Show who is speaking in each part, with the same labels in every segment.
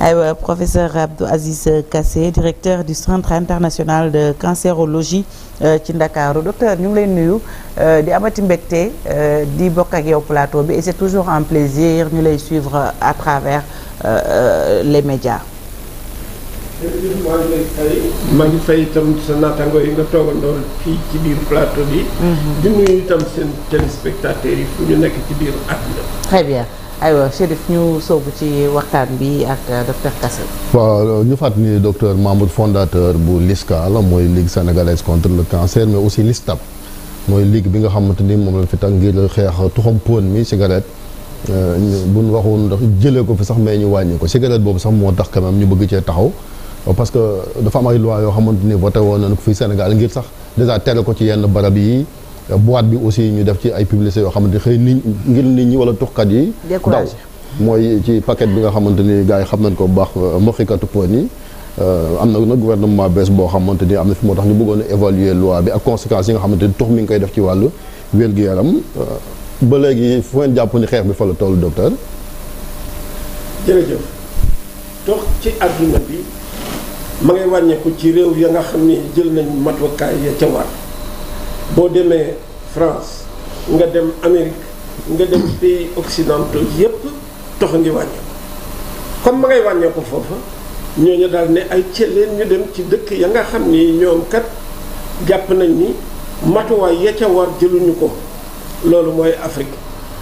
Speaker 1: aywa euh, professeur Abdou Aziz Kassé directeur du centre international de cancérologie euh, ci Ndakaaru docteur ñu ngi leen nuyu euh, di amati mbégte di bokk ak yow plateau bi et c'est toujours un plaisir ñu lay suivre à travers les médias.
Speaker 2: maa ngi fay yi nga toogandoon fii ci biir plateau bi. Mhm. di nuyu itam seen
Speaker 1: téléspectateurs
Speaker 2: yi fu ñu nekk ci biir àdduna.
Speaker 1: très bien. aywa Chérif ñu soobu ci waxtaan bi ak euh, docteur Kassé.
Speaker 3: waaw euh, ñu fàttali ni docteur membre fondateur bu LISCA la mooy Ligue sénégalaise contre le cancer mais aussi LISTAB mooy ligue bi nga xamante ni moom la fi tax ngir xeex tuxam poon mi cigarette. bu euh, ñu waxoon ndax jëlee ko fi sax mais ñu wàññi ko cigarette boobu sax moo tax quand ñu bëgg cee taxaw parce que dafa am ay loi yoo xamante ni voté woon nañu ko fii Sénégal ngir sax dèjà tere ko ci yenn barab yi. boîte bi aussi ñu def ci ay publicité yoo xamante xëy nit ngir nit ñi wala tuxkat yi daw mooy ci paquet bi nga xamante ni gaa yi xam nañ ko bu baax euh, moxikatu pon yi euh, am na nag gouvernement bees boo xamante ni am na fi moo tax ñu bëggoon a évaluer loi bi ak conséquences yi nga xamante ni tux mi ngi koy def ci wàllu wér-gu-yaram euh, ba léegi fu ngeen jàpp ni xeex bi fa la toll docteur
Speaker 2: jërëjëf tox ci àdduna bi ma ngay wàññeeku ci réew ya nga xam ni jël nañ matuwaay ya boo demee France nga dem Amérique nga dem pays occidentaux yépp tox ngi wàññeeku comme ma ngay wàññeeku foofa ñooñu daal ne ay cëleen ñu dem ci dëkk ya nga xam ni ñoom kat jàpp nañ ni matuwaay ya ca war jëluñu ko loolu mooy Afrique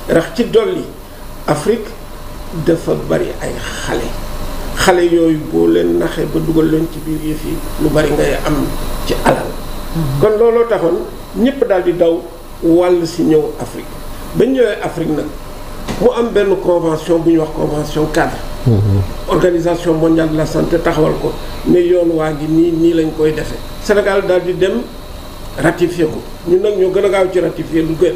Speaker 2: rax ci dolli Afrique dafa bari ay xale xale yooyu boo leen naxee ba dugal leen ci biir yëf yi lu bari ngay am ci alal
Speaker 4: mm-hmm. kon
Speaker 2: looloo taxoon ñëpp daal di daw wàll si ñëw Afrique ba ñëwee Afrique nag mu am benn convention bu ñuy wax convention cadre. Mhm. organisation mondiale de la santé taxawal ko ne yoon waa ngi nii nii lañ koy defee. Sénégal daal di dem ratifié ko ñu nag ñoo gën a gaaw ci ratifié lu gën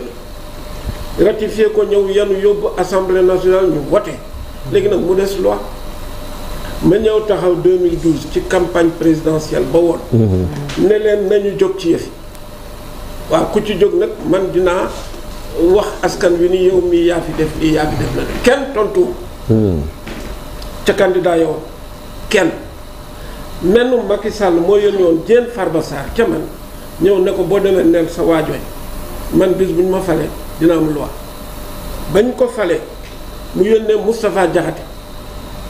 Speaker 2: ratifié ko ñëw yanu yóbbu assemblée nationale ñu voté léegi nag mu des loi ma ñëw taxaw 2012 ci campagne présidentielle ba woon. Mhm. ne leen nañu jóg ci yëf yi waaw ku ci jóg nag man dinaa wax askan wi ni yow mii yaa fi def lii yaa fi def la kenn tontu. Hmm. ca candidat yow kenn. menn Macky Sall moo yónni woon Diène Farba Sarr ca man ñëw ne ko boo demee neel sa waajooy man bis bu ñu ma falee dina am loi bañ ko falee mu yónnee Moustapha Diakhaté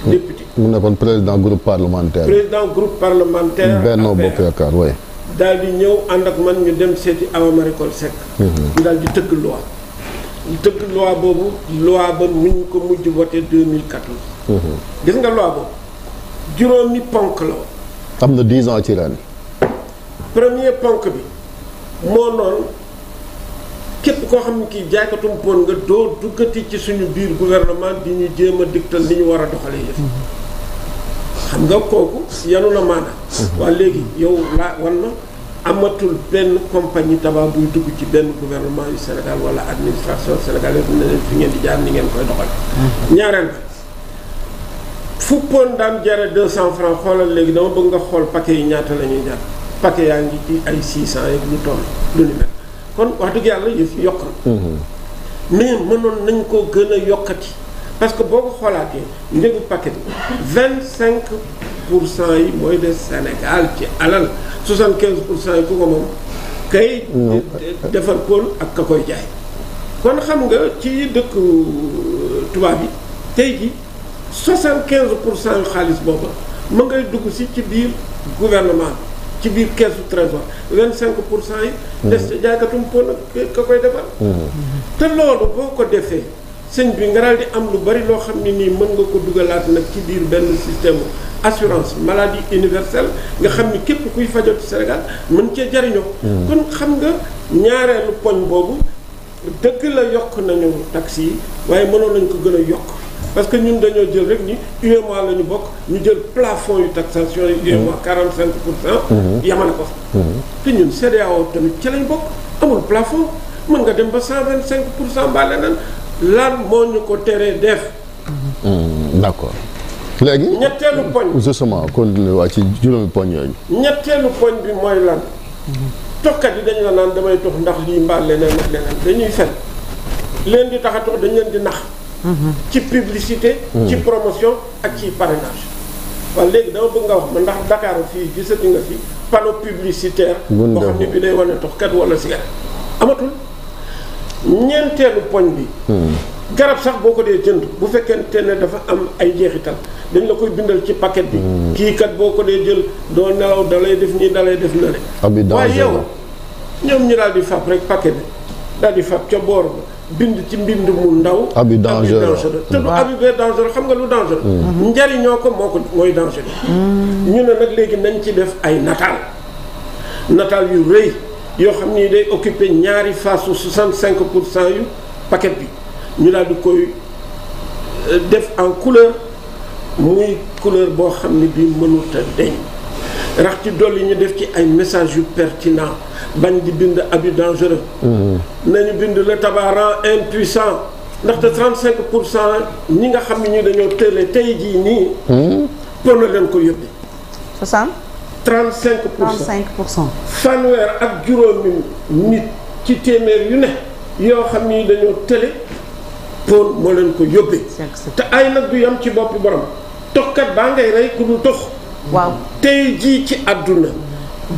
Speaker 3: hmm. député mu nekkoon président groupe parlementaire président
Speaker 2: groupe parlementaire Benno Bokk Yaakaar waaye daal di ñëw ànd ak man ñu dem seeti Awa Marie Coll Seck mhm. ñu di tëgg loi tëgg loi boobu loi ba muñ ko mujj voté 2014 mhm. gis nga loi boobu juróomi ponk la
Speaker 3: am na 10
Speaker 2: ponk bi moo noonu képp koo xam ne kii jaaykatum pon nga doo duggati ci suñu biir gouvernement di ñu jéem a digtal li ñu war a doxale yëf mhm. xam nga kooku yanu na maanaam waa léegi yow laa wan amatul benn compagnie tabac buy dugg ci benn gouvernement yu Sénégal wala administration sénégalaise ne leen fi ngeen di jaar ni ngeen koy doxal hmm. ñaareel fu pon daan jare cent francs xoolal léegi dama bëgg nga xool paquet yi ñaata la ñuy jar paquet yaa ngi ci ay 600 yeeg lu toll lu ni mel kon wax dëgg yàlla yëf yokk na hmm. mais mënoon nañ ko gën a yokkati parce que boo ko xoolaatee njëgu paquet bi 25 pour cent yi mooy de Sénégal ci alal soixante quinze pour cent yi ku ko moom kay defar pôle ak ka koy jaay kon xam nga ci dëkk euh, tubaab bi tey ji soixante quinze pour cent yu xaalis booba ma ngay dugg si ci biir gouvernement ci biir keesu trésor vingt cinq pour cent yi des mm. ca jaaykatum pôle ak ka koy defar mm. te loolu boo ko defee sëñ bi nga daal di am lu bari loo xam ne nii mën nga ko dugalaat nag ci biir benn système assurance maladie universelle nga xam ni képp kuy fajoo ci Sénégal mën cee jariñoo hmm. kon xam nga ñaareelu poñ boobu dëgg la yokk nañu taxes yi waaye mënoon nañ ko gën a yokk parce que ñun dañoo jël rek ni UEMOA la ñu bokk ñu jël plafond yu taxation yi hmm. UEMOA 45 pour cent hmm. yamale ko te ñun CEDEAO tamit ci lañ bokk amul plafond mën nga dem ba 125 pour cent mbaa leneen lan moo ñu ko teree def.
Speaker 3: Hmm, d'accord léegi. ñetteelu poñ. justement continué waa ci juróomi poñ yooyu.
Speaker 2: ñetteelu poñ bi mooy lan. toxkat yi dañ la naan damay tox ndax lii mbaa leneen ak dañuy fen leen di tax dañ leen di nax. ci publicité. Hmm. ci promotion ak ci parrainage. waaw léegi dama bëgg nga wax ma ndax Dakar fii gisati nga fi panneau publicitaire. boo xam ne bi day wane toxkat wala cigarette amatul. ñeenteelu poñ bi. Hmm. garab sax boo ko dee jënd bu fekkente ne dafa am ay jeexital dañ la koy bindal ci paquet bi. Hmm. kii boo ko dee jël doo nelaw da def nii da lay def nale waaye yow ñoom ñu daal di fab rek paquet bi daal di fab ca boor ba bind ci mbind mu ndaw. abi dangereux te lu hmm. abi bee dangereux xam nga lu dangereux. njariñoo ko moo ko mooy dangereux. ñu ne nag léegi nañ ci def ay nataal nataal yu rëy. yoo xam ni day occupé ñaari phase su 65 pour cent yu paquet bi ñu daal di koy euh, def en couleur muy couleur boo xam ni bi mënut a deñ rax ci dolli ñu def ci ay messages yu pertinents ban di bind abus dangereux mm-hmm. nañu bind le tabac rend impuissant ndaxte 35 pour cent ñi nga xam ne ñu dañoo tële tey jii nii mm-hmm. pour na leen ko yóbbee 35 pour cent 35 pour cent. fanweer ak juróomi nit ci téeméer yu ne yoo xam ni dañoo tële pour moo leen ko yóbbee. te ay nag du yam ci boppi borom. toxkat baa ngay rey ku dul tox. tey jii ci àdduna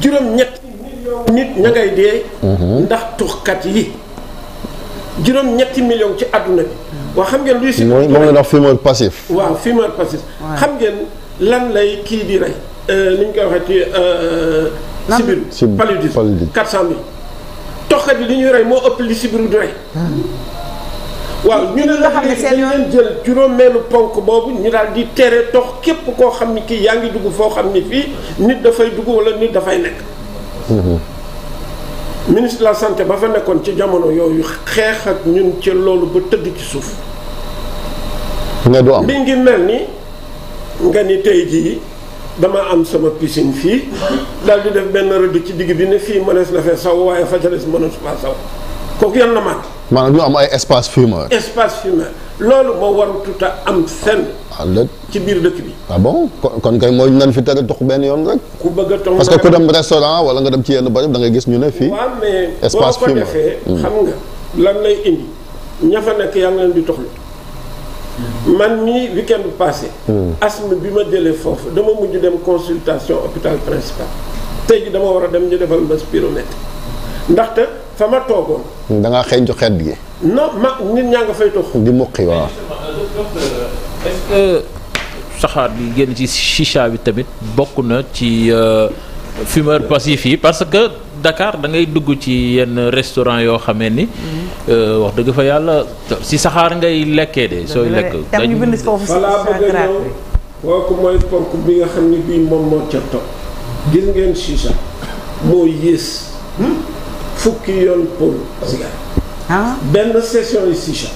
Speaker 2: juróom ñetti million nit ña ngay dee. Mhm. ndax toxkat yi juróom ñetti million ci adduna bi. Mhm. waaw xam ngeen luy si. moom moom la ñuy
Speaker 3: fumeur passif.
Speaker 2: waaw fumeur passif. xam ngeen lan lay kii di rey. Euh, ni ñu koy waxee ci. sibiru euh, euh, sibiru paludisme 400000. toxkat yi li ñuy rey moo ëpp li sibiru di rey. Hmm. waaw ñu ne la xam ne seen yoon jël juróom juróomeelu ponk boobu ñu daal di tere tox képp koo xam ni kii yaa ngi dugg foo xam ni fii nit dafay dugg wala nit dafay nekk. Hmm. ministre la santé ba fa nekkoon ci jamono yooyu xeex ak ñun ci loolu ba tëdd ci suuf. nga du am mi ngi mel ni nga ni tey jii. dama am sama piscine fii daal di def benn rëdd ci digg bi ne fii mënees na fee saw waaye fa ca des mënees faa saw kooku yan na mat
Speaker 3: maanaam ñu am ay espace fumeur
Speaker 2: espace fumeur loolu moo warututa am fenn ah, ci biir dëkk bi
Speaker 3: ah bon kon kay mooy nan fi tere tox benn yoon rek
Speaker 2: ku bëgg a tox parce que ku dem restaurant
Speaker 3: wala nga dem ci yenn bërëb da nga gis ñu ne fii waaw espace boo hmm. xam
Speaker 2: nga lan lay indi ña fa nekk yaa ngi leen di toxlu man mii week-end bu hmm. bi ma jëlee foofu dama mujj dem consultation hôpital principal. tey ji dama war a dem ñu defal ma spirométrie ndaxte fa ma toogoon.
Speaker 3: da ngaa xëy joxeet gi.
Speaker 2: ma nit ñaa nga fay toog. di muqi waaw. Euh, euh, saxaar bi génn ci chicha bi tamit bokk na ci euh, fumeur passif yi parce que. Dakar da ngay dugg ci yenn restaurant yoo xamee ni. Mm-hmm. Euh, wax dëgg fa yàlla si saxaar ngay lekkee de. sooy lekk dañuy bind foofu kooku mooy ponk bi nga xam ne bii moom moo ca topp gis ngeen chicha moo yées hmm? fukki yoon pour cigare ah. benn session yi chicha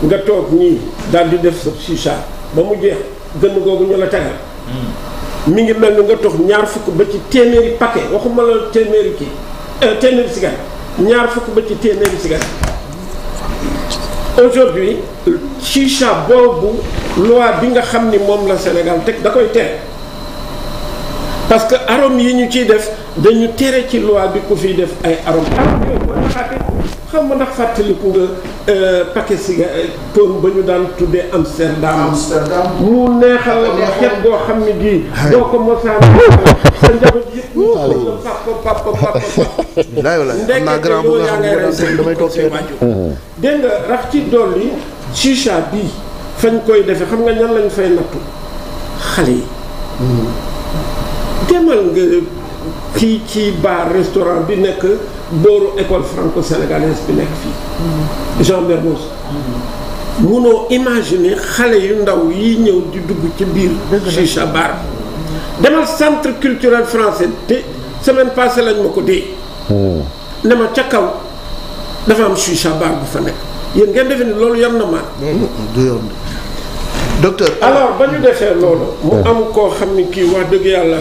Speaker 2: nga toog nii daal di def sa chicha ba mu jeex gën googu ñu la tegal hmm. mu ngi mel nga tox ñaar fukk ba ci téeméeri paquet waxuma la téeméeri kii euh, téeméeri cigarette ñaar fukk ba ci téeméeri cigarette aujourd'hui chicha boobu loi bi nga xam ni moom la Sénégal teg da koy tere parce que arôme yi ñu ciy def dañu tere ci loi bi ku fiy def ay arôme xam nga ndax fàttaliku nga euh, paquet siga përu ba ñu daan tuddee Amsterdam. mu neexal xet goo xam ne gii. doo ko mosaan sa laay walaay am naa grand bu xam ne daan damay toog seen dégg nga rax ci dolli chicha bii fañ koy defe xam nga ñan lañ fay nattu xale yi. Hmm. demal nga ci ci bar restaurant bi nekk. booru école franco-sénégalaise bi nekk fii. Jean Mermoz. munoo imaginer xale yu ndaw yi ñëw di dugg ci biir. Chicha Bar. demal centre culturel français te semaine passée lañu ma ko dee. Hmm. ne ma ca kaw dafa am Chicha Bar bu fa nekk yéen ngeen defe ni loolu yam na maan. docteur alors ba ñu defee loolu. mu hmm. am koo xam ni kii wax dëgg yàlla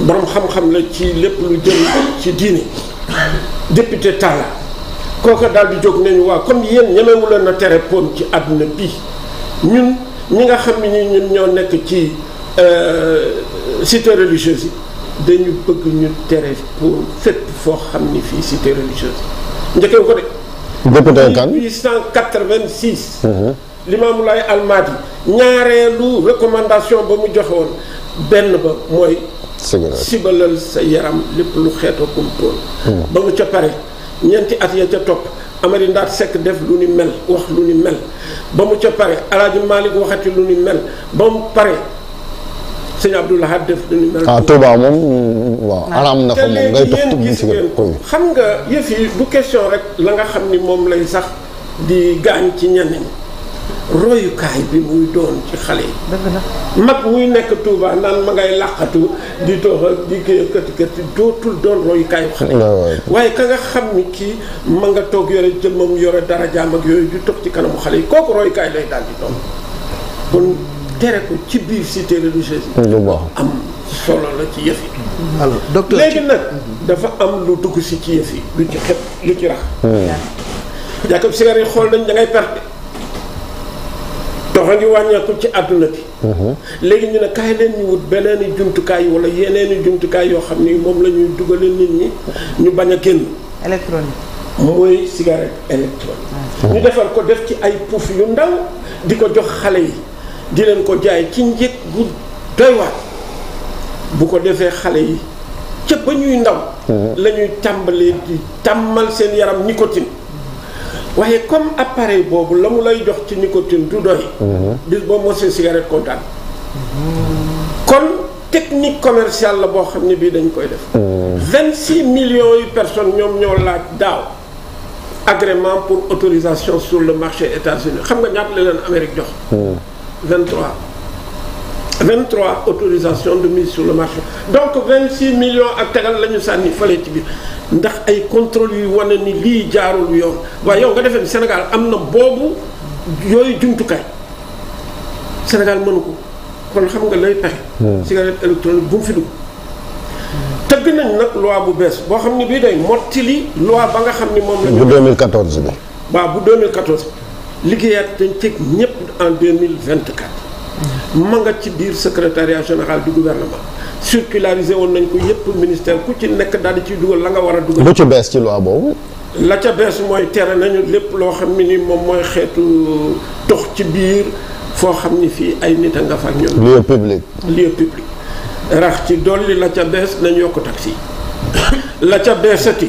Speaker 2: borom xam-xam la ci lépp lu jëm ci diini. député Talla kooka daal di jóg nañu waa comme yéen ñemewu leen a tere pon ci àdduna bi ñun ñi nga xam ne ñi ñun ñoo nekk ci euh, cité religieuse yi dañu bëgg ñu tere pon fépp foo xam ni fii cité religieuse njëkkee ko de député kan 1886 Limamoulaye Almadi ñaareelu recommandation ba mu joxewoon benn ba mooy
Speaker 4: sibalal
Speaker 2: sa yaram lépp lu xeetoo kumpoon hmm. ba mu ca pare ñeenti at ya ca topp amari ndaat sekk def lu ni mel wax lu ni mel ba mu ca pare alaaji Malick waxati lu ni mel ba mu pare sëñ Abdoul Ahad def lu ni mel ah Touba
Speaker 3: moom waaw araam na fa moom ngay
Speaker 2: xam nga yëf yi du question rek la nga xam ni moom lay sax di gaañ ci ñenn ñi royukaay bi muy doon ci xale yi. mag muy nekk Touba naan ma ngay làqatu di dox ak di géej kati kati dootul doon royukaayu xale yi. waaye ka nga xam ni kii ma nga toog yore jëmmam yore darajaam ak yooyu di toog ci kanamu xale yi kooku royukaay lay daal di doon kon tere ko ci biir cité religieuse yi. am solo la ci yëf yi. alors docteur léegi nag dafa am lu dugg si ci yëf yi lu ci xet lu ci rax. Hmm. yaakaar sigaret yi xool nañ dangay ngay dafa ngi wàññeeku ci àdduna bi. Mhm. léegi ñu ne kaay leen ñu wut beneeni i jumtukaay wala yeneeni i jumtukaay yoo xam ni moom lañuy ñuy dugale nit ñi ñu bañ a génn. électronique. mooy cigarette électronique. Mhm. ñu defar ko def ci ay puuf yu ndaw di ko jox xale yi di leen ko jaay ci njëg bu doy waar bu ko defee xale yi ca ba ñuy ndaw. Mhm. lañuy ñuy tàmbalee di tàmmal seen yaram nicotine. waaye comme appareil boobu la mu lay jox ci nicotine du doy. Mhm. bis boo mosee cigarette kontaan. kon technique commerciale la boo xam ne bii dañ koy def. 26 mhm. millions yu personnes ñoom ñoo laaj daaw agrément pour autorisation sur le marché États-Unis xam nga ñaata la leen Amérique jox. 23. Mhm. 23 autorisations de mise sur le marché donc vingt 26 million ak tegal la ñu sànni fële ci biir ndax ay contrôle yu wane ni lii jaarul yoon waaye yow nga defee ni Sénégal am na boobu yooyu jumtukaay Sénégal mënu ko kon xam nga lay pexe. Hmm. cigarette électronique bu mu fi dugg. tëgg nañ nag loi bu bees boo xam ne bii day mottili loi ba nga xam ni moom la. bu
Speaker 3: 2014 bi.
Speaker 2: waaw bu 2014 liggéeyaat dañ teg ñëpp en 2024. ma nga ci biir secrétariat général du gouvernement circularisé woon nañ ko yëpp ministère ku ci nekk daal di ciy dugal la nga war a dugal. lu
Speaker 3: ci bees ci loi boobu.
Speaker 2: la ca bees mooy tere nañu lépp loo xam ne ni moom mooy xeetu tox ci biir foo xam ni fii ay nit a nga fa ñoom. lieu public. lieu public rax ci dolli la ca bees nañ yokk taxi la ca beesati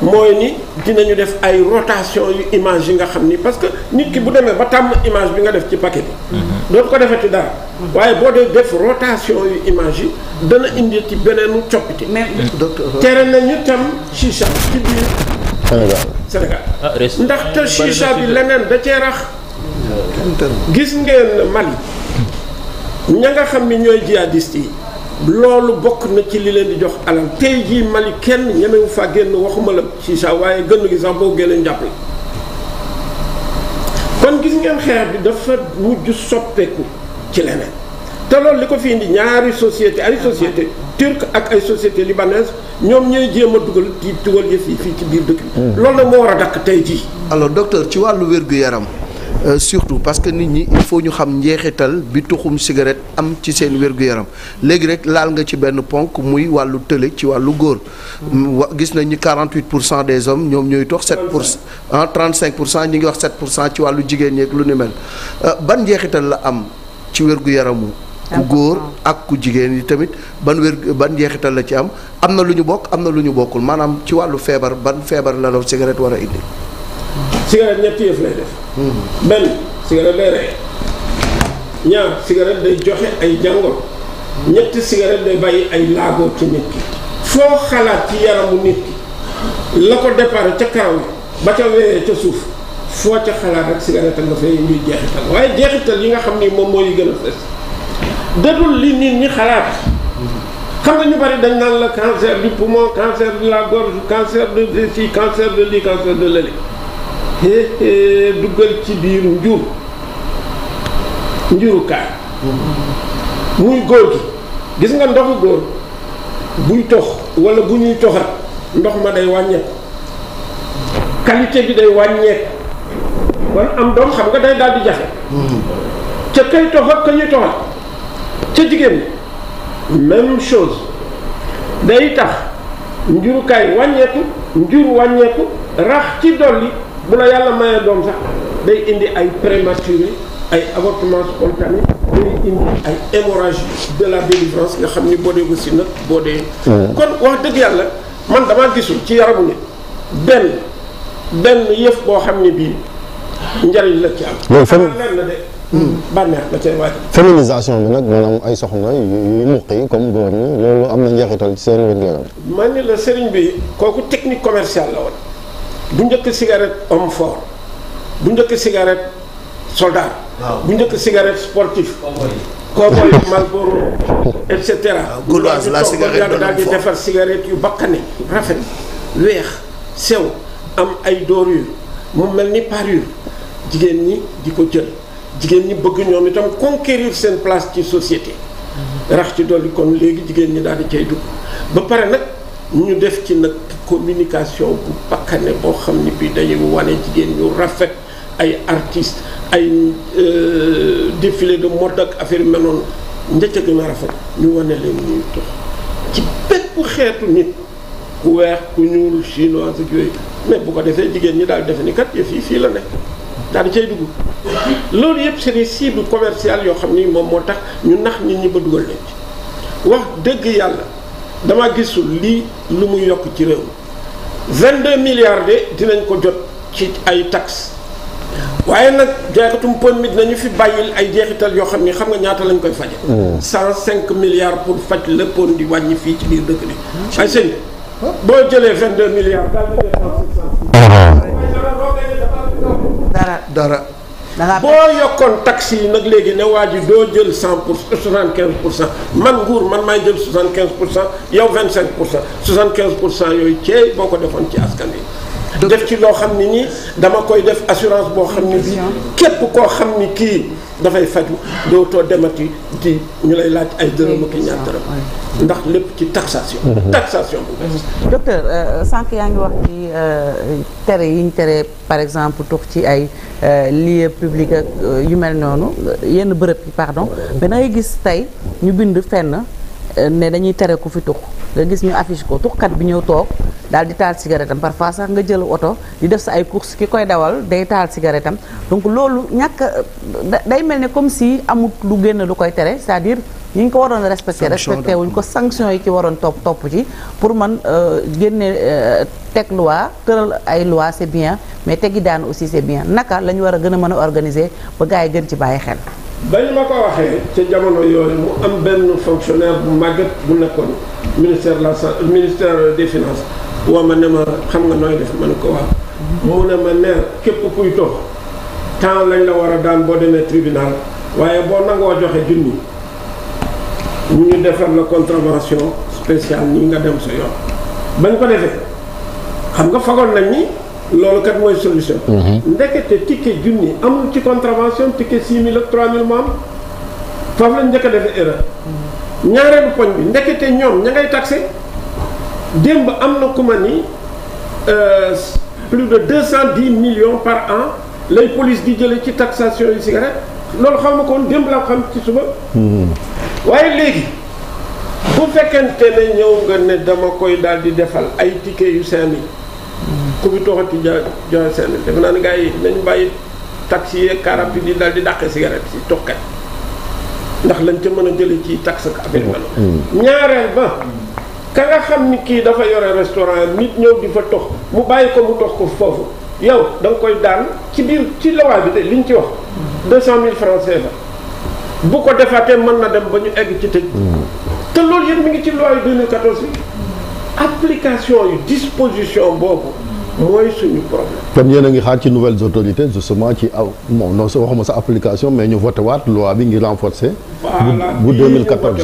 Speaker 2: mooy ni dinañu def ay rotation yu image yi nga xam ni parce que nit ki bu demee ba tàmm image bi nga def ci paquet bi. dootu ko defati dara. waaye boo dee def rotation yu image yi dana indi ci beneenu coppite. mais docteur tere na ñu tam chicha ci biir. Sénégal Sénégal. Ah, ndaxte chicha bi leneen da cee rax. gis ngeen Mali ña nga xam ni ñooy jihadiste yi. loolu bokk na ci li leen di jox alal tey jii Mali kenn ñemewu faa génn waxuma la chicha waaye gënn gi sax boo génnee ñu jàpp la kon gis ngeen xeex bi dafa mujj soppeeku ci leneen te loolu li ko fi indi ñaari société ay société turque ak ay société libanaise ñoom ñooy jéem a dugal di dugal yëf yi fii ci biir dëkk bi. Hmm. loolu nag moo war a dakk tey jii. alors docteur
Speaker 5: ci wàllu wér-gu-yaram. Euh, surtout parce que nit ñi il faut ñu xam njeexital bi tuxum cigarette am ci seen wér-gu-yaram léegi rek laal nga ci benn ponk muy wàllu tële ci wàllu góor mm. wa gis nañ ni 48 pour cent des hommes ñoom ñooy tox 7 pour ah 35 pour cent ñi ngi wax 7 pour cent ci wàllu jigéen ñeeg lu ni mel euh, ban njeexital la am ci wér-gu-yaramu ku góor ak ku jigéen yi tamit ban wér ban njeexital la ci am am na lu ñu bokk am na lu ñu bokkul maanaam ci wàllu feebar ban feebar la law cigarette war a indi
Speaker 2: cigarette ñetti yëf lay def. benn cigarette day rey ñaar cigarette day joxe ay jàngoro. ñetti cigarette day bàyyi ay laagoo ci nit ki. foo xalaat ci yaramu nit ki la ko départ ca karaw ba ca weeree ca suuf foo ca xalaat rek cigarette nga fay ñuy jeexital waaye jeexital yi nga xam ni moom moo yi gën a fës dadul li nit ñi xalaat. xam nga ñu bari dañ naan la cancer du poumon cancer de la gorge cancer de ci cancer de lii cancer de lële. duggal ci biir njur njurukaay muy góor gi gis nga ndoxu góor buy tox wala bu ñuy toxat ndox ma day wàññeeku qualité bi day wàññeeku wala am doom xam nga day daal di jafe ca kay toxat ka ñuy toxat ca jigéen même chose day tax njurukaay wàññeeku njur wàññeeku rax ci dolli bu la yàlla mayee doom sax day indi ay prématuré ay avortement spontané day indi ay hémorragie de la délivrance nga xam ni boo dee aussi nag boo dee. kon wax dëgg yàlla man damaa gisul ci yaramu nit benn benn yëf boo xam ne bii njariñ la ci am. loolu fenn leer na bi
Speaker 3: nag maanaam ay soxna yu muq yi comme góor ñi loolu am na njeexital ci seen wér gu
Speaker 2: man ni la sëriñ bi kooku technique commercial la woon. bu njëkk cigarette homme fort bu njëkk cigarette soldat. bu njëkk cigarette sportif. cowboy Marlboro et cetera. Ah, gauloise la cigarette daal di defar cigarette yu bakkane rafet weex sew am ay dorure mu mel ni parure jigéen ñi di ko jël jigéen ñi bëgg ñoom itam conquérir seen place ci société. Mhm. rax ci dolli kon léegi jigéen ñi daal di cay ba pare nag. ñu def ci nag communication bu pakkane boo xam ne bi dañuy wane jigéen ñu rafet ay artistes ay euh, défilé de mode ak affaire yu mel njëcc gën a rafet ñu wane leen ñuy dox ci bépp xeetu nit ku weex ku ñuul chinois ak yooyu mais bu ko defee jigéen ñi daal defe ni kat yëf yi fii la nekk daal di cay dugg loolu yëpp c'est des cibles yoo xam ni moom moo tax ñu nax nit ñi ba dugal leen ci wax dëgg yàlla. dama gisul lii lu mu yokk ci réew mi 22 milliards de dinañ ko jot ci ay taxes waaye nag jaaykatum pon mi dinañu fi bàyyil ay jeexital yoo xam ni xam nga ñaata lañ koy faje 105 hmm. milliards pour faj le pon di wàññi fii ci biir dëkk bi hmm. ay sëñ boo jëlee 22 milliards daal hmm. dara dara boo yokkoon taxes yi nag léegi ne waa ji doo jël cent pour soixante quinze pour cent man nguur man maay jël soixante quinze pour cent yow vingt cinq pour cent soixante quinze pour cent yooyu ceey boo ko defoon ci askan yi def ci loo xam ne nii dama koy def assurance boo xam ne bii képp koo xam ni kii dafay faju dootoo demati di ñu lay laaj ay dërëm ak ñaar dërëm ndax lépp ci taxation mm-hmm. taxation bu
Speaker 1: bees docteur euh, sànq yaa ngi wax ci euh, tere yi ñu tere par exemple tux ci ay euh, lieu public ak yu mel noonu yenn bërëb yi pardon mais mm-hmm. da ngay gis tey ñu bind fenn ne dañuy tere ku fi tux nga gis ñu affiche ko tuxkat bi ñëw toog daal di taal cigarette am parfois sax nga jël oto di def sa ay course ki koy dawal day taal cigarette am donc loolu ñàkk day mel ni comme si amut lu génn lu koy tere cest à ñi ñu ko waroon respecté respecté wuñ ko sanction yi ci waroon topp topp ci pour man euh, génne euh, teg loi tëral ay loi c'est bien mais tegi daan aussi c'est bien naka la ñu war a gën a mën a organiser ba gars yi gën ci bàyyi xel
Speaker 2: bañ ma ko waxee ca jamono yooyu mu am benn fonctionnaire bu màgget bu nekkoon ministère la sa ministère des finances woo ma ne ma xam nga nooy def ma ne ko wax mu ne ma neer képp kuy tox temps lañ la war a daan boo demee tribunal waaye boo nangoo joxee junni mu ñu defar la contravention spéciale ñi nga dem sa yoon bañ ko defee xam nga fagoon nañ ni loolu kat mooy solution. Mhm. ndekete ticket junni am ci contravention ticket 6000 ak 3000 mu am foofu lañ njëkk a defee erreur. ñaareelu poñ bi ndekete ñoom ña ngay taxé démb am na ku ma ni euh, plus de 210 million par an lay police di jëlee ci taxation yu cigarette loolu xam nga kon démb la xam ci suba. Mhm. waaye léegi bu fekkente ne ñëw nga ne dama koy daal di defal ay ticket yu yi ku fi tooxati jo joxe seen defe naa ne gaa yi nañ bàyyi taxi yeeg car rapide yi daal di dàqee cigarette si toxkat ndax lañ ca mën a jëlee ci taxe ak affaire ba
Speaker 4: mm. mm.
Speaker 2: ñaareel ba ka nga xam ni kii dafa yore restaurant nit ñëw di fa tox mu bàyyi ko mu tox ko foofu yow da nga koy daan ci biir ci lawaa bi de li ñu ci wax deux cent mille francs CFA bu ko defaatee mën na dem ba ñu egg ci tëj mm. te loolu yëpp mi ngi ci loi 2014 bi application yu disposition boobu mooy suñu problème.
Speaker 3: kon yéen a ngi xaar ci nouvelles autorités justement ci aw bon non sa waxuma sa application mais ñu voté waat loi bi ngi renforcer. bu bu 2014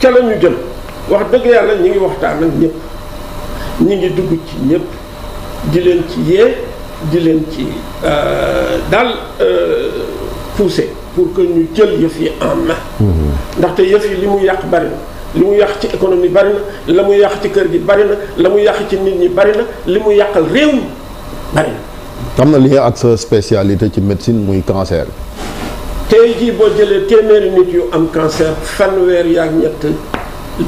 Speaker 2: ca la ñu jëm wax dëgg yàlla ñi ngi waxtaan ak ñëpp ñi ngi dugg ci ñëpp di leen ci yee di leen ci euh, daal euh, pousser pour que ñu jël yëf yi en main. Mm-hmm. ndaxte yëf yi li mu yàq bari li mu yàq ci économie bari na la mu yàq ci kër gi bari na la mu yàq ci nit ñi bari na li mu yàqal réew mi bari na.
Speaker 3: am na lien ak sa spécialité ci médecine muy cancer.
Speaker 2: tey jii boo jëlee téeméeri nit yu am cancer fanweer yaak ñett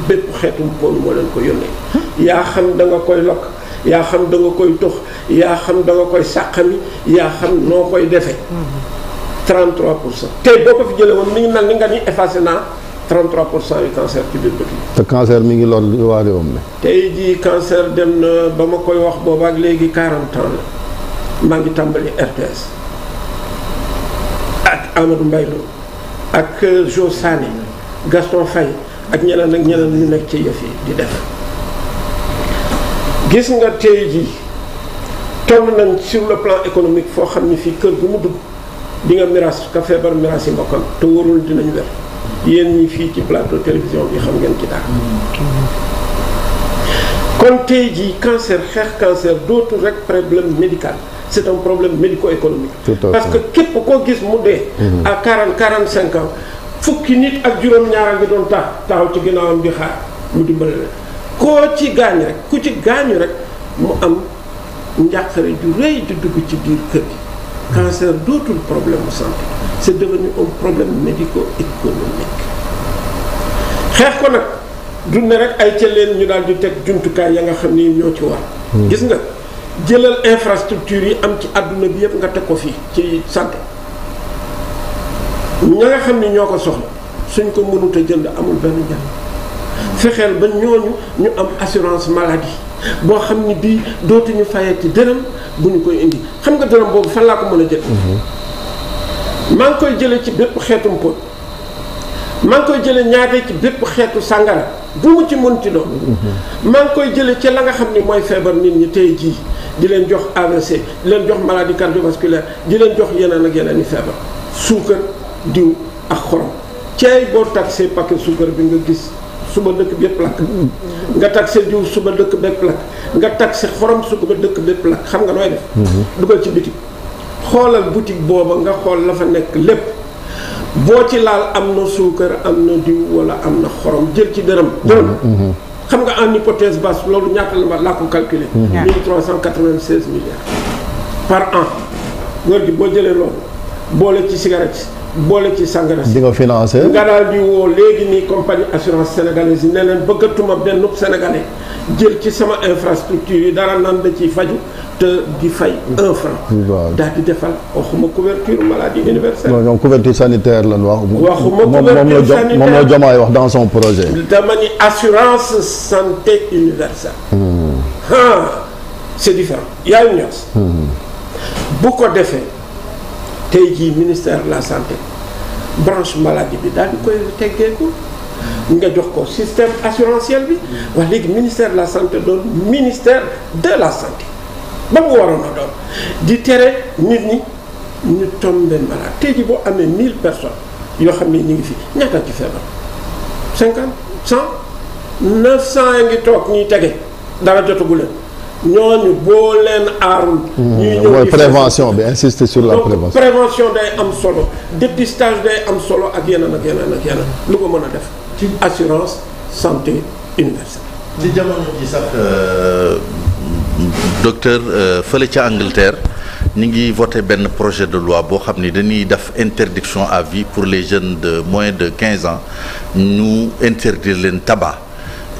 Speaker 2: bépp xeetu pon moo leen ko yónnee yaa xam da nga koy lokk yaa xam danga koy tox yaa xam da nga koy sàqami yaa xam noo koy defee. 33 pour cent tey boo ko fi jëlee woon mi na mel ni nga ni effacé naa. 33 pour cent yu cancer ci biir bët yi.
Speaker 3: te cancer mi ngi lor li waa réewam la.
Speaker 2: tey jii cancer dem na ba ma koy wax booba ak léegi 40 ans maa ngi tàmbali RTS ak Amadou Mbaye Lo ak euh, Jo Sané Gaston fay ak ñeneen ak ñeneen ñu nekk ci yëf di def gis nga tey jii toll nañ sur le plan économique foo xam ni fii kër gu mu dugg di nga miraas ka feebar miraas yi mbokkam te wóorul dinañ wér. yéen ñi fii ci plateau télévision bi xam ngeen ci kon tey jii cancer xeex cancer dootul rek problème médical c'est un problème médico-économique parce que képp koo gis mu dee ak mm-hmm. quarante quarante cinq ans fukki nit ak juróom-ñaaral bi doon tax taxaw ci ginnaawam di xaar mu dimbale la koo ci gaañ rek ci gaañu rek mu am njàqare ju rëy di dugg ci biir kër gi cancer dootul problème mu santé c'est devenu un problème médico-économique xeex ko nag du ne rek ay ca ñu daal di teg jumtukaay ya nga xam ni ñoo ci war. Hmm. gis nga jëlal infrastructure yi am ci àdduna bi yëpp nga teg ko fii ci santé ña nga xam ni ñoo ko soxla suñ ko mënut a jënd amul benn njariñ. fexeel ba ñooñu ñu am assurance maladie boo xam ni bii dootuñu fayati dërëm bu ñu koy indi xam nga dërëm boobu fan laa ko mën a jël mhm. maa ngi koy jëlee ci bépp xeetum pot maa ngi koy jëlee ñaaree ci bépp xeetu sàngara bu mu ci mënti doon mhm. koy jëlee ci la nga xam ni mooy feebar nit ñi tey jii di leen jox AVC di leen jox maladie cardiovasculaire di leen jox yeneen ak yeneen i feebar suukar diw ak xorom ceey boo taxee paquet suukar bi nga gis suba dëkk bépp lakk nga taxe diw suba dëkk bépp lakk nga taxe xorom suba dëkk bépp lakk xam nga nooy def mhm. dugal ci bitik xoolal boutique booba nga xool la fa nekk lépp boo ci laal am na suukar am na diw wala am na xorom jël ci dërëm mhm, dërëm mhm. xam nga en hypothèse basse loolu ñaata la ma laa ko calculer mille trois cent quatre vingt milliards par an góor gi boo jëlee loolu boole ci cigarette boole ci sangara si. di
Speaker 3: nga financé. nga
Speaker 2: woo léegi nii compagnie assurance sénégalaise yi ne leen bëggatuma benn sénégalais jël ci sama infrastructure yi dara naan da ciy faju te di fay un
Speaker 3: franc. di
Speaker 2: defal waxuma couverture maladie
Speaker 3: couverture sanitaire lañ moom la Diomaye wax dans son projet.
Speaker 2: dama ni assurance santé universelle. Hmm. ah c'est différent y a hmm. bu ko defee. tey jii ministère de la santé branche maladie bi daal di koy teggeeku nga jox ko système assurantiel bi wax léegi ministère la santé doon ministère de la santé ba mu waroon a doon di tere nit ñi ñu tombe malade tey jii boo amee 1000 personnes yoo xam ne ñu ngi fi ñaata ci feebar 50 100 900 a ngi toog ñuy tege dara jotagu leen ñooñu boo leen aarul. Hmm, ñuy ñëw mooy prévention
Speaker 3: bi insister sur la prévention. donc
Speaker 2: prévention day am solo dépistage day am solo ak yeneen ak yeneen ak yeneen lu ko mën a def ci assurance santé universelle. ci jamono ji sax
Speaker 3: euh, docteur euh, fële ca Angleterre ñu ngi voté benn projet de loi boo xam ni dañuy def interdiction à vie pour les jeunes de moins de quinze ans ñu interdire leen tabac.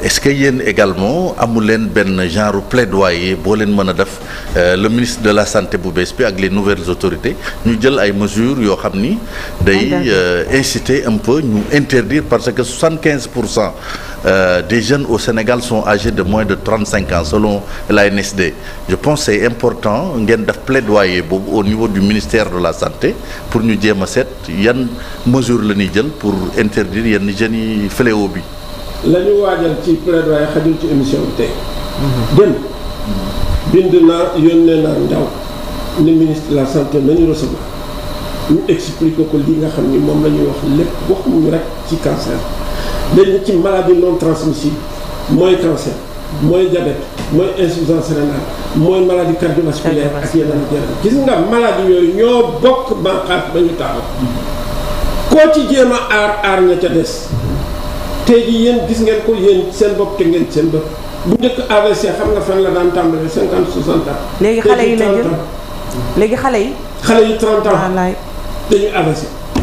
Speaker 3: est-ce que yéen également amu leen benn genre plaidoyer boo leen mën a def euh, le ministre de la santé bu bees bi ak les nouvelles autorités ñu jël ay mesures yoo xam ni day euh, inciter un peu ñu interdire parce que 75 pour cent euh, des jeunes au Sénégal son âgés de moins de 35 ans selon l'ANSD je pense c'est important ngeen def plaidoyer boobu au niveau du ministère de la santé pour ñu jéem a seet yan mesures la ñuy jël pour interdire yenn jeunes yi fléau bi
Speaker 2: la ñu waajal ci plaidoyer xajul ci émission bi tey. gën bind naa yónnee naa ndaw ni ministre de la santé nañu recevoir ñu expliqué ko li nga xam ni moom la ñuy wax lépp waxuñu rek ci cancer léegi ci maladie non transmissible mooy cancer mooy diabète mooy insuffisance rénale mooy maladie cardiovasculaire ak yeneen ak yeneen gis nga maladie yooyu ñoo bokk banqaas ba ñu taxaw koo ci jéem a aar aar ña ca des tey jii yéen gis ngeen ko yéen seen bopp te ngeen seen bopp bu njëkk AVC xam nga fan la daan tàmbalee cinquante soixante ans. léegi xale yi la jël
Speaker 1: léegi xale yi. xale yi 30 ans wallaay dañuy AVC.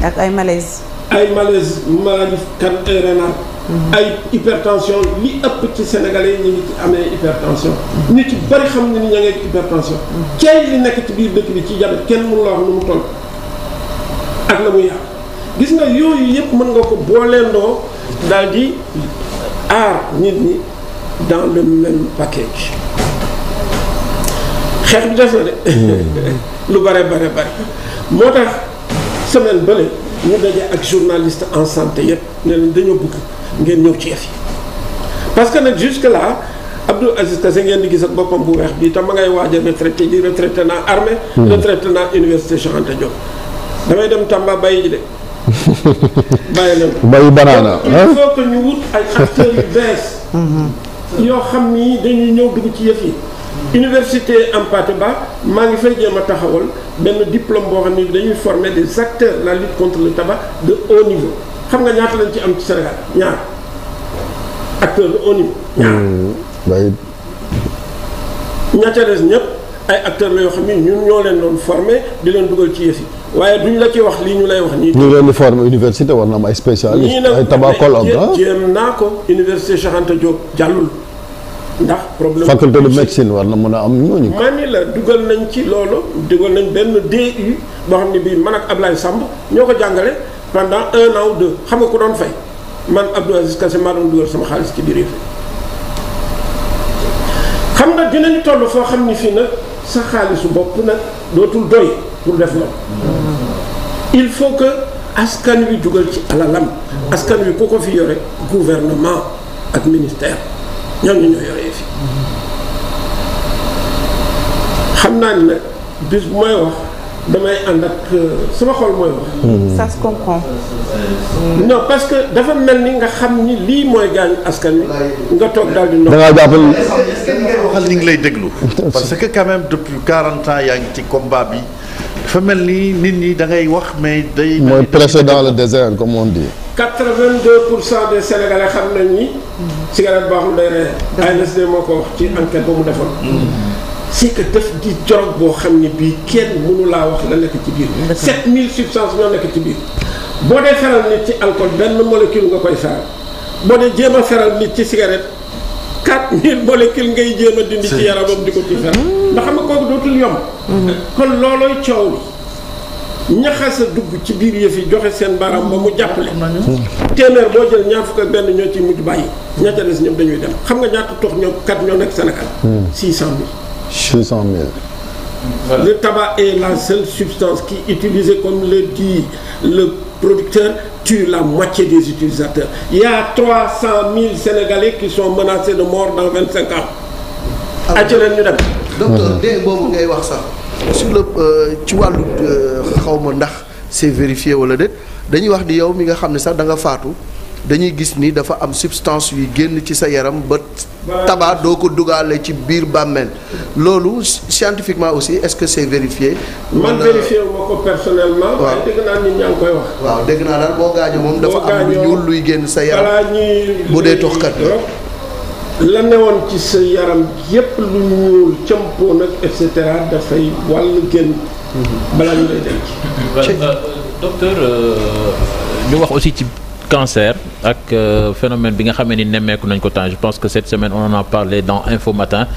Speaker 1: ak ay malaise.
Speaker 2: ay malaise maladie cardiaque rénale mhm. ay hypertension li ëpp ci sénégalais yi ñu ngi ci amee hypertension. ñu ci bari xam ne ni ña ngi ci hypertension. Mhm. ceeb li nekk ci biir dëkk bi ci jabet kenn mënu la wax nu mu toll ak la muy yàq. gis nga yooyu yëpp mën nga ko booleendoo dal di aar nit ñi dans le même package xeex bi des na de. Hmm. lu bare bare bare moo tax semaine bële ñu daje ak journaliste en santé yëpp ne leen dañoo bëgg ngeen ñëw ci yëf parce que nag jusque là Abdou Aziz Kassé ngeen di gis ak boppam bu weex bii te ma ngay waaj a retraité di retraité naa armée. Hmm. retraité naa université Cheikh Anta damay dem Tamba bàyyi ji de. bàyyi leen ko bàyyi banaana il faut que ñu wut ay acteurs yu bees. yoo xam ni dañuy ñëw dugg ci yëf yi. université Hampâté Bâ maa ngi fay jéem a taxawal benn diplôme boo xam ne dañuy former des acteurs la lutte contre le xam nga ñaata lañ ci am ci Sénégal ñaar acteurs de waaye. ñaata ñëpp ay acteurs la yoo xam ne ñu ñoo leen doon former di leen dugal ci yëf yi. waaye duñ la ci wax lii ñu lay wax nii. ñu leen di
Speaker 3: former université war na am ay spécialiste ay tabacol am na ah?
Speaker 2: jéem naa ko université Cheikh Anta Diop jàllul ndax problème faculté de
Speaker 3: médecine war na mun a am ñooñu.
Speaker 2: ma ni la dugal nañ ci loolu dugal nañ benn DU boo xam ne bii man ak Ablaye Samb ñoo ko jàngale pendant un an ou xam nga ko doon fay man Abdou Aziz Kassé maa doon dugal sama xaalis ci biir xam nga dinañ toll foo xam ni fii nag sa xaalisu bopp nag dootul doy pour il faut que askan wi dugal ci alalam askan wi ko ko fi yore gouvernement ak ministère ñooñu ñoo yore fi xam naa ni ne bis bu may wax damay ànd ak euh, sama xol mooy wax. Hmm. ça parce que dafa mel ni nga xam ni lii mooy gaañ askan wi nga toog daal di. da ngaa jàppal est-ce
Speaker 3: que ngi lay déglu. parce que quand même depuis 40 ans yaa ngi ci combat bi. fa mel ni nit ñi dangay wax mais day. mooy prêcher dans le désert comme on vingt
Speaker 2: 82 pour cent des sénégalais xam nañ ni. Mm-hmm. cigarette baaxul day rey. ANSD moo ko wax ci mm-hmm. enquête ba mu defoon. Mm-hmm. c'est que def di drogue boo xam ne bii kenn mënu laa wax la nekk ci biir. 7000 substances ñoo nekk ci biir. boo dee feral nit ci alcool benn molécule nga koy feral boo dee jéem a feral nit ci cigarette. 4000 molécule ngay jéem a dindi ci yaramam di ko ci fer ndax xam nga kooku dootul yomb mm-hmm. kon loolooy coow li ñaxas a dugg ci biir yëf yi joxe seen baram ba mu jàppale mm-hmm. Mm-hmm. téeméer boo jël ñaar fukk ak benn ñoo ci mujj bàyyi ña ca des ñoom dañuy dem xam nga ñaata tox ñoom kat ñoo nekk Sénégal 600 000 600 000 Voilà. Le tabac est la seule substance qui est utilisée comme le dit le producteur tue la mu moitié des utilisateurs. Il y a 300 000 Sénégalais qui sont menacés de mort dans 25 ans. ah ci leen ñu dem. docteur dee boobu ngay wax sax sur le euh, ci wàllu euh,
Speaker 5: xaw ma ndax c'est vérifié wala déet dañuy wax di yow mi nga xam ne sax da nga faatu. dañuy gis ni dafa am substance yuy génn ci sa yaram ba tabac doo ko dugaale ci biir bàmmeel loolu scientifiquement aussi est-ce que c'est vérifié. man
Speaker 2: waaw dégg naa ñaa ngi koy wax. waaw dégg naa daal boo gaañoo moom dafa am lu ñuul
Speaker 5: luy génn sa yaram bu dee toxkat
Speaker 2: la woon ci sa yaram yépp lu ñuul cëmpoon ak et dafay wàll génn. Mhm. balaa ñu lay denc. Euh, docteur euh, wax aussi ci. cancer ak euh, phénomène bi nga xamee ni nemmeeku nañ ko temps je pense que cette semaine on en a parlé dans Info Matin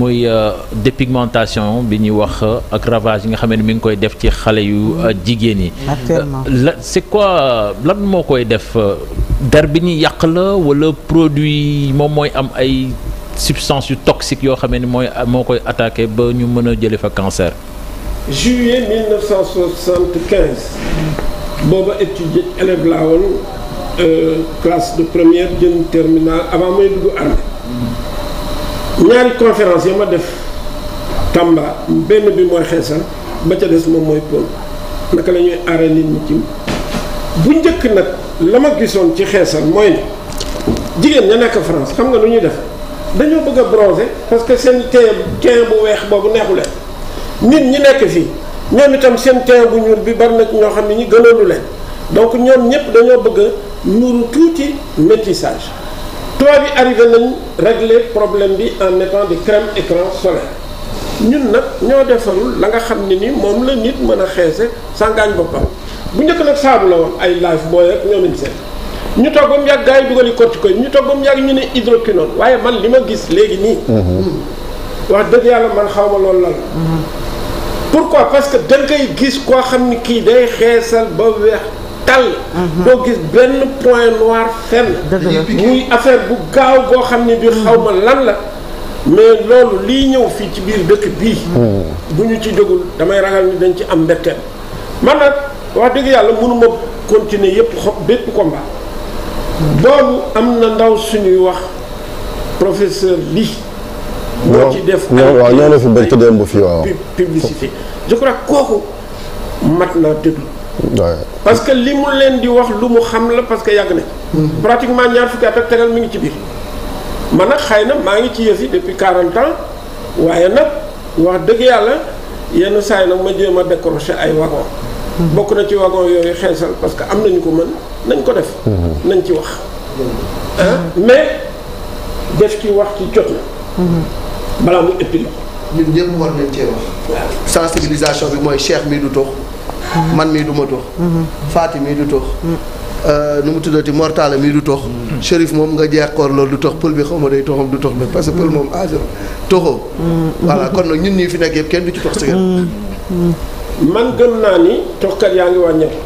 Speaker 2: muy euh, dépigmentation bi ñuy wax euh, ak ravage yi nga xamee ni mi ngi koy def ci xale yu jigéen yi. actuellement la c'est quoi lan moo koy def der bi ñuy yàq la wala produit moom mooy am ay substances yu toxiques yoo xamee ni mooy moo koy attaqué ba ñu mën a jëlee fa cancer. juillet booba étudiant élève laa woon Euh, classe de première jël terminal avant may dugg armée ñaari conférence ya ma def Tamba benn bi mooy xeesal ba ca des moom mooy pôle naka la ñuy aare nit ñi ci bu njëkk nag la ma gisoon ci xeesal mooy jigéen ña nekk France xam nga lu ñuy def dañoo bëgg a bronzer parce que seen teint teint bu weex boobu neexu leen nit ñi nekk fii ñoom itam seen teint bu ñuul bi bari na ñoo xam ne ñi gënoonu leen donc ñoom ñëpp dañoo bëgg a nuru tuuti métissage tubaab yi arrivé nañ régler problème bi en mettant des crèmes écran solaire ñun nag ñoo defarul la nga xam ne ni moom la nit mën a xeese sàngaañ boppam bu njëkk nag saabu la woon ay life booy rek ñoom ñu seet ñu toog ba mu yàgg gars yi dugal yi ñu toog ba mu yàgg ñu ne hydroquinone waaye man li ma gis léegi nii.
Speaker 4: Mm-hmm.
Speaker 2: wax dëgg yàlla man xaw ma loolu la mm-hmm. pourquoi parce que da ngay gis koo xam ni kii day xeesal ba weex. tàll mhm. doo gis benn point noir fenn muy affaire bu gaaw boo xam ne bi mhm. xawma lan la mais loolu lii ñëw fii ci biir dëkk bii mhm. bu ñu ci jógul damay ragal ni dañ ci am mbetteel man nag wax dëgg yàlla mënuma continuer yëpp xob bépp combat loolu am na ndaw suñuy wax professeur lii
Speaker 3: moo ci def waaw ñoo na fi bëri te dem bu fi waaw
Speaker 2: publicité je kooku mat la déglu parce que li mu leen di wax lu mu xam la parce que yàgg na. Hmm. pratiquement ñaar fukki at ak tegal mi ngi ci biir. man nag xëy na maa ngi ci yëf yi depuis 40 ans waaye nag wax dëgg yàlla yenn saa yi nag ma jéem a décrocher ay wagon. Hmm. bokk na ci wagon yooyu xeesal parce que am nañu ko mën nañ ko def. Hmm. nañ ci wax. mais def ci wax ci jot na. balaa mu ëppi la. ñun ñëpp war nañ cee wax.
Speaker 5: sensibilisation bi mooy cheikh mi du tox man mii du ma tox faati mii du tox euh, nu mu tuddati mortala mii du tox shérif moom nga jeex koor loolu du tox pël bi xaw ma day toxam du tox nag parce que moom âge toxoo
Speaker 4: voilà
Speaker 2: kon nag ñun ñii fi nekk kenn du ci tox man gëm naa ni toxkat yaa ngi wàññeeku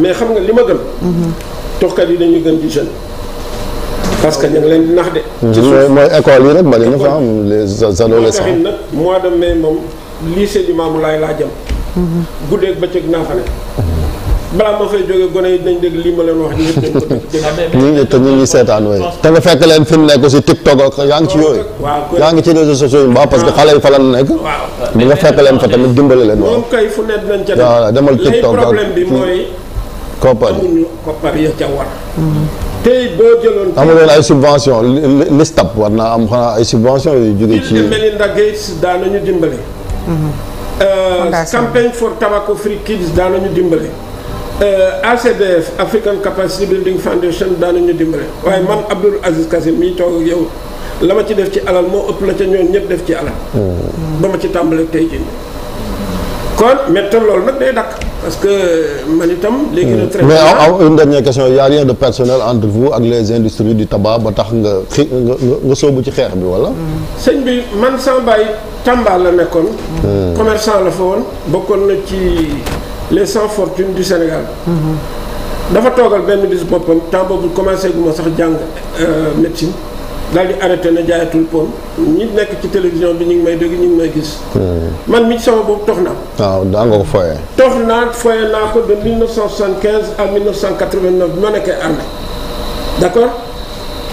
Speaker 2: mais xam nga li ma gëm toxkat yi dañuy gën di jeune parce que leen nax de. ci suuf mooy école yi rek bari na fa
Speaker 3: am les adolescents.
Speaker 2: nag mois de mais moom lycée Limamou Laye laa jëm. ma fay jógee gone leen wax ñu
Speaker 3: ngi te ñu ngi seetaan wooyu te nga fekk leen fi mu nekk aussi TikTok yaa ngi ci yooyu yaa ngi ci réseaux sociaux yi mbaa parce que xale yi fa la nekk
Speaker 2: di fekk leen fa tamit dimbali leen waaw kay fu demal TikTok ak problème bi mooy koppar amuñu koppar ya ca war tey boo jëloon amuloon
Speaker 3: naa am xanaa ay subvention yu jóge ci mel
Speaker 2: ni ndagg daanañu dimbali mm-hmm. Euh, campaign for tobacco free kids ñu dimbale euh, ACBF African Capacity Building Foundation daanañu dimbale waaye man Abdoul Aziz Kassé mii toog ak yow la ma ci def ci alal moo ëpp la ca ñoom ñëpp def ci alal
Speaker 3: hmm.
Speaker 2: ba ma ci tàmbale tey jii kon méttal loolu nag day dakk parce que man itam. léegi hmm.
Speaker 3: mais a rien de personnel entre vous ak les industries di tabac ba tax nga xi nga nga sóobu ci xeex bi walla
Speaker 2: hmm. sëñ bi man sama baay Tamba la nekkoon. Hmm. commerçant la fa woon bokkoon na ci les cent fortunes du Sénégal. dafa toogal benn bis boppam temps boobu commencé gu sax jàng euh, médecine. daal di arrêté na jaayatul pom ñi nekk ci télévision bi ñu ngi may dégg ñu ngi may gis. Hmm. man mi ci sama bopp tox naa. waaw
Speaker 3: daa nga ko foyee.
Speaker 2: tox naa foyee naa ko de 1975 à 1989 bi ma nekkee armée d'accord.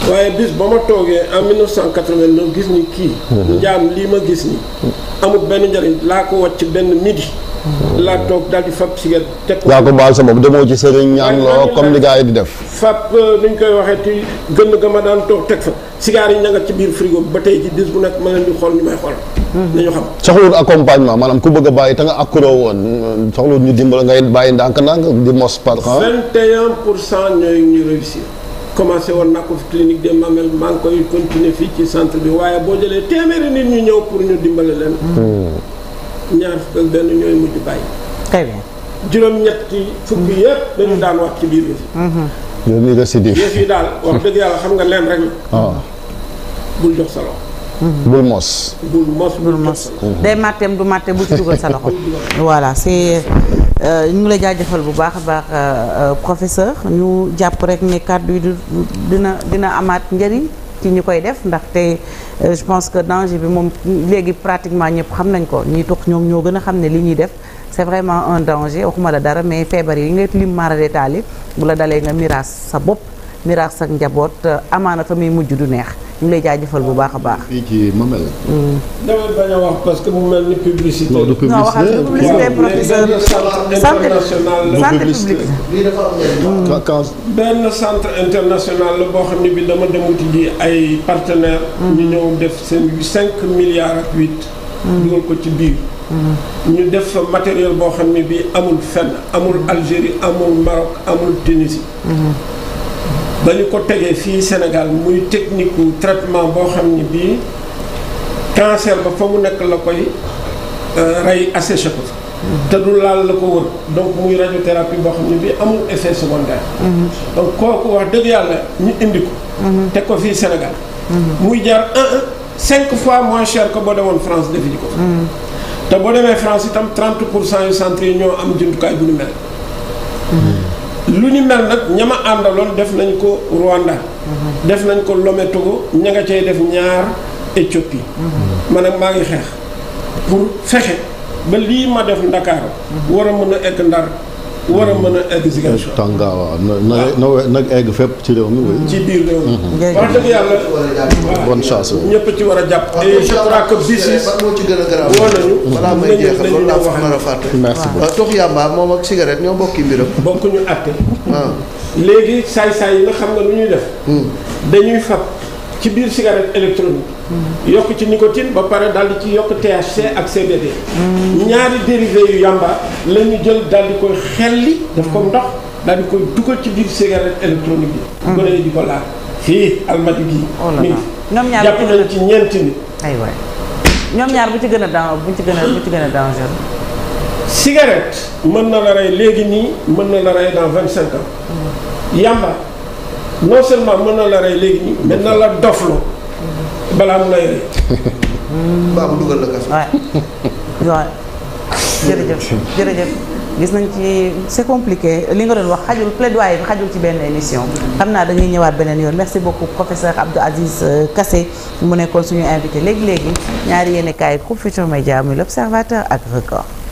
Speaker 2: waaye bis ba ma toogee en 1989 gis ni kii. Mhm. njaam lii ma gis ni amul benn njariñ laa ko wàcc benn midi. Mhm. laa toog daal di fab cigarette teg ko. yaa ko sa
Speaker 3: bopp demoo ci sëriñ ñaan loo comme ni yi di def.
Speaker 2: fab euh, nu ñu koy waxee ci gën ga ma daan toog teg fa cigare yi ña ci biir frigo ba tey bis bu nekk ma leen di xool ñu may xool. Mhm. nañu xam.
Speaker 3: soxlawul accompagnement maanaam ku bëgg bàyyi te nga accro woon soxlawul ñu dimbal ngay bàyyi ndànk-ndànk di mos par an.
Speaker 2: pour cent ñooy commencé woon naa ko fi clinique des mamelles maa koy continuer fii ci centre bi waaye boo jëlee téeméeri nit ñu ñëw pour ñu dimbale leen. Hmm. ñaar fukk ak benn ñooy mujj bàyyi. très bien. juróom-ñetti fukk yëpp dañu daan wax ci biir bi.
Speaker 3: loolu yëpp si biir yëf daal
Speaker 2: wax dëgg yàlla xam nga leen rek. Ah. bul jox sa loxo.
Speaker 1: Hmm. bul mos. bul mos bul mos. day màtteem du màtte bu ci dugal sa loxo. voilà c'est. Euh, ñu ngi lay jaajëfal bu baax a baax euh, euh, professeur ñu jàpp rek ne kàddu yi dina dina amaat njëriñ ci ñu koy def ndaxte je pense que danger bi moom léegi pratiquement ñëpp xam nañ ko ñiy toog ñoom ñoo gën a xam ne li ñuy def c'est vraiment en danger waxuma la dara mais feebar yi ngay lim maarade taali bu la dalee nga miraas sa bopp miraas sa njaboot amaana fa muy mujj du neex ñu lay jaajëfal bu baax a baax. fii ci Mamel. Hmm.
Speaker 2: parce que mu mel ni publicité. non du publicité professeur. santé santé hmm. international boo xam ne bi dama dem uti ji ay partenaires. Hmm. ñu ñëw def seen cinq milliards ak dugal ko ci biir. ñu def fa matériel boo xam ne bi amul fenn amul Algérie amul Maroc amul Tunisie. ba ñu ko tegee fii Sénégal muy technique traitement boo xam ni bii cancer ba fa mu nekk la koy euh, rey asséché ko te du laal la ko wër donc muy radiothérapie boo xam ne bii amul effet secondaire mm-hmm. donc kooku wax dëgg yàlla ñu indi ko mm-hmm. te ko fii Sénégal mm-hmm. muy jaar un cinq fois moins cher que boo demoon France defi ko te boo demee France itam 30 pour cent yu centre yi ñoo am jumtukaay bu ñu mel lu ni mel nag ñama ma àndaloon def nañ ko Rwanda. def nañ ko Lomé Togo ña nga cay def ñaar Éthiopie. man ak maa ngi xeex pour fexe ba lii ma def Ndakaaru war a mën a egg Ndar. war a mën a
Speaker 3: egg Ziguinchor. tànga waaw na na ci réew mi. ci biir réew mi. Mhm.
Speaker 5: wax dëgg
Speaker 2: yàlla. bonne chance ñëpp ci war a jàpp. et je crois
Speaker 5: que bis moo ci gën a garaaw. woo nañu balaa may jeexal loolu laa fa mën a fàtte. merci beaucoup euh, tox yàmbaa
Speaker 2: moom ak cigarette ñoo bokki mbiram. bokkuñu àtte. waaw ah. léegi saay-saay yi nga xam nga lu ñuy def. Hmm. dañuy fab. ci biir cigarette électronique mm. yokk ci nicotine ba pare daal di ci yokk THC ak CBD mm. ñaari dérivé yu yàmba la ñu jël daal di koy li daf ko mm. ndox daal di koy dugal ci biir cigarette électronique bi gone yi di ko laal fii almadi gii oh ñoom ñaar jàpp ci ñeenti nit
Speaker 1: ay waay ñoom ñaar bu ci gën a dan bu ci gën a ci gën a danger cigarette
Speaker 2: mën na la rey léegi nii mën na la rey dans vingt cinq
Speaker 1: ans
Speaker 2: non seulement mën na la rey léegi nii na la dofloo balaa mu lay rey.
Speaker 1: mbaa mu dugal la kaso. waaw waaw jërëjëf jërëjëf. gis nañ ci c'est compliqué li nga doon wax xajul plaidoyer bi xajul ci benn émission xam naa dañuy ñëwaat beneen yoon merci beaucoup professeur Abdou Aziz euh, Kassé mu nekkoon suñu invité léegi-léegi ñaari yéene kaay groupe Futurs Médias muy l'Observateur ak Record